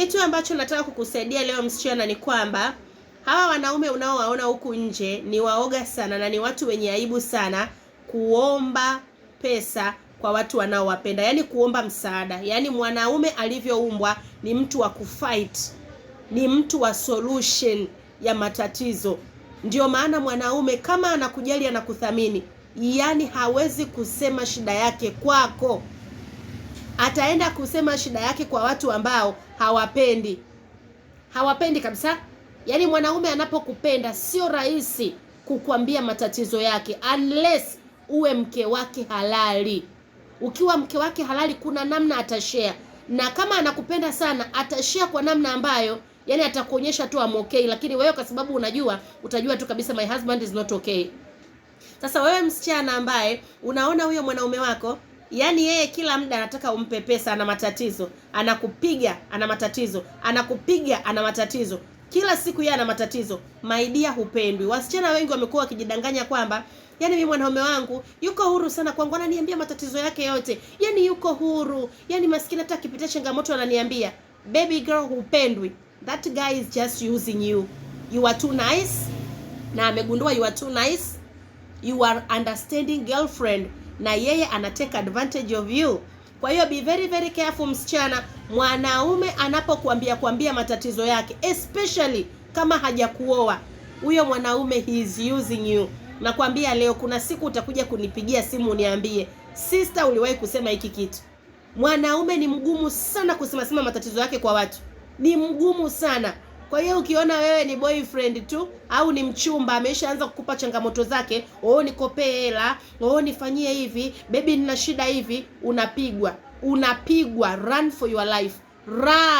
Kitu ambacho nataka kukusaidia leo msichana ni kwamba hawa wanaume unaowaona huku nje ni waoga sana na ni watu wenye aibu sana kuomba pesa kwa watu wanaowapenda, yaani kuomba msaada. Yaani mwanaume alivyoumbwa ni mtu wa kufight, ni mtu wa solution ya matatizo. Ndio maana mwanaume kama anakujali, anakuthamini, yaani hawezi kusema shida yake kwako ataenda kusema shida yake kwa watu ambao hawapendi, hawapendi kabisa. Yaani mwanaume anapokupenda sio rahisi kukwambia matatizo yake unless uwe mke wake halali. Ukiwa mke wake halali, kuna namna atashare, na kama anakupenda sana atashare kwa namna ambayo yani atakuonyesha tu am okay, lakini wewe kwa sababu unajua, utajua tu kabisa my husband is not okay. Sasa wewe msichana ambaye unaona huyo mwanaume wako Yaani yeye kila muda anataka umpe pesa, ana matatizo, anakupiga ana matatizo, anakupiga ana matatizo, kila siku yeye ana matatizo. Maidia hupendwi. Wasichana wengi wamekuwa wakijidanganya kwamba yaani mimi mwanaume wangu yuko huru sana kwangu, ananiambia matatizo yake yote, yaani yuko huru, yaani maskini, hata akipitia changamoto ananiambia. Baby girl, hupendwi. That guy is just using you, you are too nice, na amegundua you are too nice, you are understanding girlfriend na yeye take advantage of you. Kwa hiyo be very very careful msichana, mwanaume anapokuambia kuambia matatizo yake, especially kama hajakuoa huyo mwanaume, he is using you. Nakwambia leo, kuna siku utakuja kunipigia simu uniambie, sister, uliwahi kusema hiki kitu. Mwanaume ni mgumu sana kusimasima matatizo yake kwa watu, ni mgumu sana. Kwa hiyo ukiona wewe ni boyfriend tu au ni mchumba ameshaanza kukupa changamoto zake, oo, oh, nikopee hela, oo, oh, nifanyie hivi, bebi, nina shida hivi, unapigwa, unapigwa. Run for your life, run.